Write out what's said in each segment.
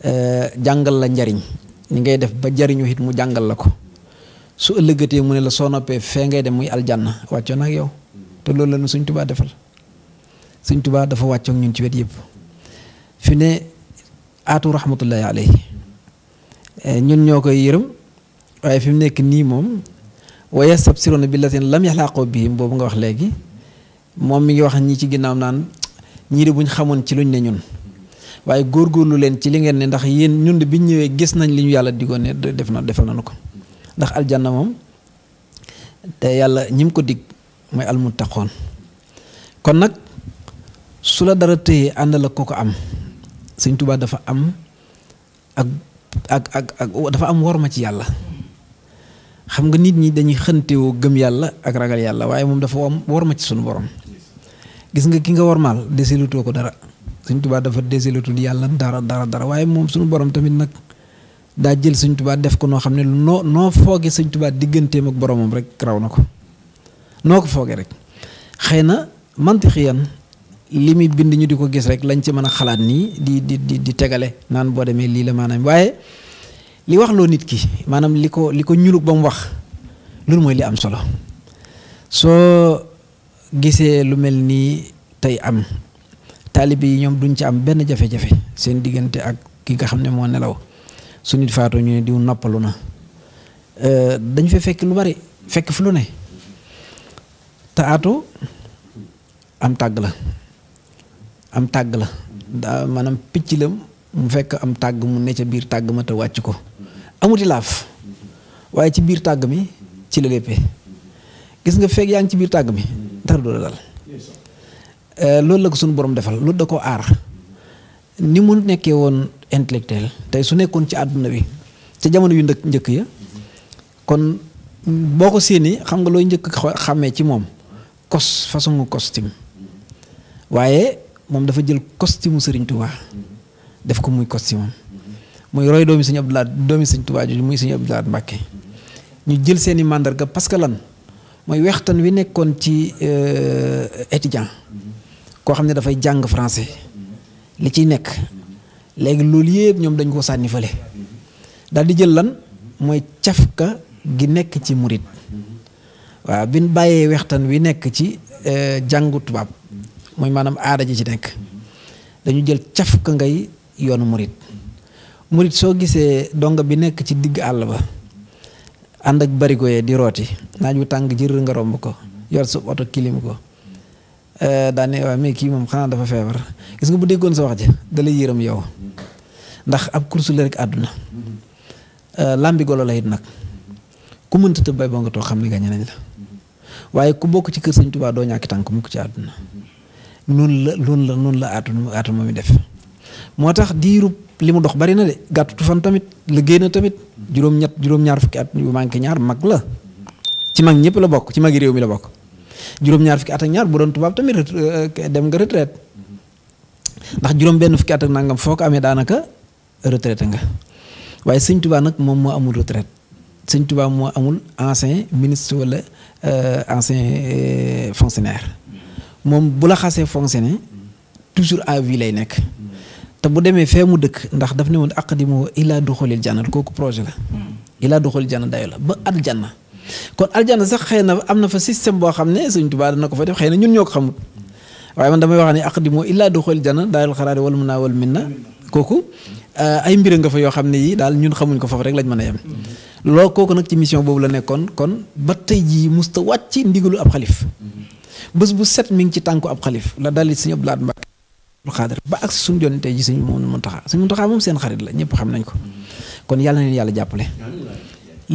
Eh, jàngal la njariñ ni ngay def ba jariñu it mu jàngal la ko su ëllëgatee mu ne la soo noppee fee ngay dem muy aljanna wàccoo nag yow te loolu la nu suñ tubaa defal suñ tubaa dafa wàccoog ñun ci wet yëpp fi ne aatu rahmatullahi alayhi eh, ñun ñoo koy yërëm waaye fi mu nekk nii moom wa yastabsiruna billatin lam yaxlaaqoo bihim boobu nga wax léegi moom mi ngi wax ñii ci ginnaaw naan ñii buñ xamoon ci luñ ne ñun waaye góorgóorlu leen ci li ngeen ne ndax yéen ñun bi ñu ñëwee gis nañ li ñu yàlla digoon ne def na defal nañu ko ndax aljanna moom te yàlla ñim ko digg mooy taxoon kon nag su la dara tëyee ànd la ko ko am Sëñ Tuubaa dafa am ak ak ak dafa am worma ci yàlla xam nga nit ñi dañuy xëntewoo gëm yàlla ak ragal yàlla waaye moom dafa am worma ci sunu borom gis nga ki nga wormaal desilutoo ko dara Sëñ Tuubaa dafa désilatul yàlla dara dara dara waaye moom suñu borom tamit nag daa jël Sëñ Tuubaa def ko noo xam ne noo noo foogee Sëñ Tuubaa digganteem ak boromam rek raw na ko noo ko foogee rek xëy na mantixiyan li muy bind ñu di ko gis rek lañ ci mën a xalaat nii di di di di tegale naan boo demee lii la maanaam waaye li wax loo nit ki maanaam li ko li ko ñulug ba mu wax loolu mooy li am solo soo gisee lu mel nii tey am taalibe yi ñoom duñ ci am benn jafe-jafe seen diggante ak ki nga xam ne moo nelaw su nit faatoo ñu ne diw noppalu na euh, dañ fa fekk lu bari fekk fi lu ne te aatu am tàgg la am tàgg la daa maanaam picc la mu fekk am tàgg mu nekk ca biir tàgg ma te wàcc ko amuti laaf waaye ci biir tàgg mi ci la léppee gis nga fekk yaa ngi ci biir tàgg mi dara du la dal Euh, loolu la ko suñu borom defal loolu da ko aar ni mu nekkee woon intellectuel tey su nekkoon ci àdduna bi ca jamono yu ndëkk njëkk ya kon boo ko séenee xam nga looy njëkk xàmmee ci moom kos façon costume waaye moom dafa jël costume Serigne Touba def ko muy costume muy roy doomi Serigne Abdou Lahad doomi Serigne Touba jooju muy Serigne Abdou Lahad ñu jël seeni màndarga parce que lan mooy weextan wi nekkoon ci euh, étudiant koo xam ne dafay jàng francais li ciy nekk léegi loolu yëpp ñoom dañ koo sànni fale daal di jël lan mooy cafka gi nekk ci murit waaw bi bàyyee wextan wi nekk ci euh, jàngu tubaab mooy maanaam aada ji ci nekk dañu jël cafka ngay yoonu murit murit soo gisee donga bi nekk ci digg àll ba ànd ak barigo yee di rooti naaj tàng jër nga romb ko yor su oto kilim ko Eh, daan ne waaye mais kii moom xanaa dafa feebar gis nga bu déggoon sa wax ji dalay yërëm yow ndax ab kursu la rek àdduna eh, làmbi golo la it nag ku mënta tëb bay boo nga toog xam ne gañe nañ la waaye ku bokk ci kër Sëñ Tuubaa doo ñàkki tànk mukk ci àdduna noonu la noonu la noonu la àdduna àdduna def moo tax diirub li mu dox bari na de gàttu fan tamit liggéey na tamit juróom-ñett juróom-ñaar fukki at yu manqué ñaar mag la ci mag ñëpp la bokk ci magi réew mi la bokk juróom-ñaar fukki at ñaar bu doon tubaab tamit euh, dem nga retraite ndax juróom-benn fukki at ak nangam foo ko amee daanaka retraité nga waaye sëñ tubaa nag moom moo amul retraite sëñ tubaa moo amul ancien ministre wala euh, ancien euh, fonctionnaire moom bu la xasee fonctionnaire toujours à vie lay nekk. te bu demee fee mu dëkk ndax daf ne woon di aqdimu ilaa duxulil janna kooku projet la. Hmm. ilaa duxulil janna dayo la ba at janna kon aljana sax xëy na am na fa système boo xam ne Sëñ Tuubaa dana ko fa def xëy na ñun ñoo ko xamul waaye man damay wax ne aqdimu illaa duxul jana daaril xaraari wal munaa wal minna kooku euh, ay mbir nga yoo xam ne yii daal ñun xamuñ ko foofu rek lañ mën a yem loo kooku nag ci mission boobu la nekkoon kon ba tey jii musta wàcc ndigalu ab xalif bés bu set mi ngi ci tànku ab xalif la dali sëñ Abdou Lahad Mbacké xaadir ba ak suñu joon tey ji sëñ Muntaxa sëñ Muntaxa moom seen xarit la ñëpp xam nañ ko kon yàlla na yàlla jàppale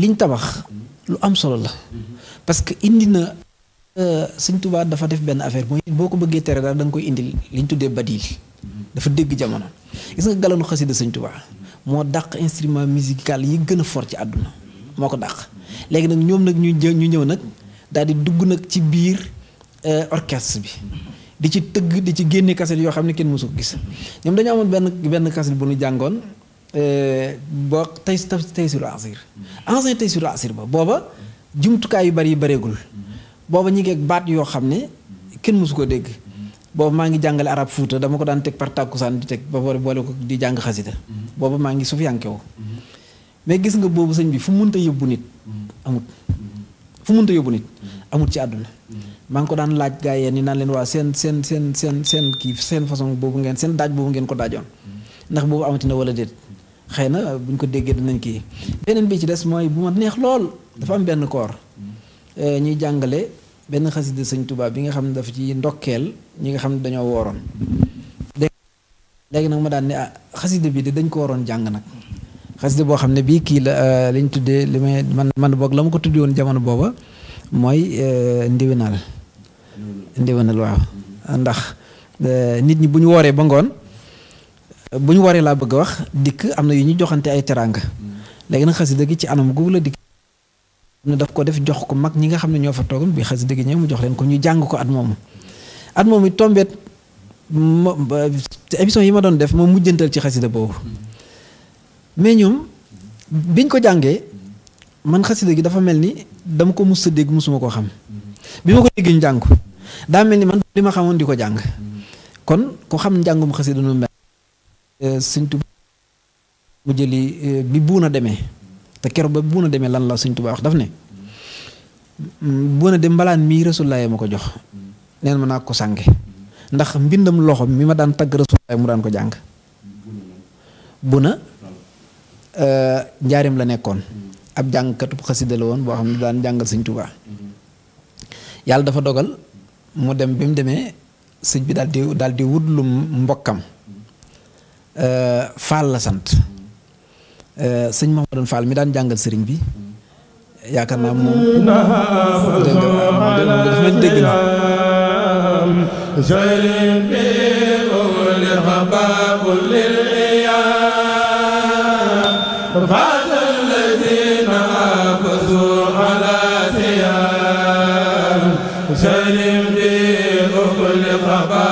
liñ tabax lu am solo la parce que indi na euh, sëñ Tuubaa dafa def benn affaire mooy boo ko bëggee tere daal da koy indi li ñu tuddee badil dafa dégg jamono gis nga galanu xasida sëñ Tuubaa moo dàq instrument musical yi gën a for ci àdduna moo ko dàq léegi nag ñoom nag ñu ñu ñëw nag daal di dugg nag ci biir euh, orchestre bi di ci tëgg di ci génne kaset yoo xam ne kenn mësu ko gis ñoom dañu amoon benn benn kaset bu nu jàngoon boo tey tey sur asir ancien tey sur asir ba booba jumtukaay yu bari yu bareegul booba ñi ngi baat yoo xam ne kenn mësu ko dégg boobu maa ngi jàngale arab fuuta dama ko daan teg par tàkkusaan di teg ba pare boole ko di jàng xasida booba maa ngi sufiyankewu mais gis nga boobu sëñ bi fu munta yóbbu nit amut fu munta yóbbu nit amut ci àdduna maa ngi ko daan laaj gaa yeen ni naan leen waa seen seen seen seen seen kii seen façon boobu ngeen seen daaj boobu ngeen ko daajoon ndax boobu amati na wala déet xëy na buñ ko déggee dinañ kii beneen bi ci des mooy bu ma neex lool dafa am benn koor euh, ñuy jàngale benn xasida sañ tubaab bi nga xam ne dafa ci ndokkeel ñi nga xam ne dañoo wooroon léegi nag ma daan ne ah xasida bi de dañ ko waroon jàng nag xasida boo xam ne bii kii la euh, lañ tuddee li may man man boog la ma ko tuddee woon jamono booba mooy euh, ndiwinal ndiwinal waaw ndax nit ñi bu ñu wooree ba ngoon bu ñu waree laa bëgg a wax dikk am na yu ñu joxante ay teraanga léegi nag xasida gi ci anam gu la dikk am na daf ko def jox ko mag ñi nga xam ne ñoo fa toogal bi xasida gi ñëw mu jox leen ko ñu jàng ko at moomu at moomu tombeet émission yi ma doon def ma mujjantal ci xasida boobu mais ñoom biñ ko jàngee man xasida gi dafa mel ni dama ko mus a dégg musuma koo xam bi ko dégg ñu daa mel ni man li ma xamoon di ko jàng kon ko xam njàngum xasida nu mel Eh, sëñ Tuba mu jëli eh, bi buuna demee te kero ba buuna demee lan la sëñ Tuba wax daf ne mm, buuna dem mbalaan mii rasulaay ma ko jox neen ma naa ko sànge ndax mbindam loxo mi ma daan tagg rasulaay mu daan ko jàng buna eh, njaarim la nekkoon ab jàngkatub xasida la woon boo xam ne daan jàngal sëñ Tuba yàlla dafa dogal mu dem bi mu demee sëñ bi daal daal di wut lu mbokkam Fall la sant sëñ Mahamadan Fall mi daan jàngal sëriñ bi yaakaar naa moom dégg nga daf leen dégg na Salim bi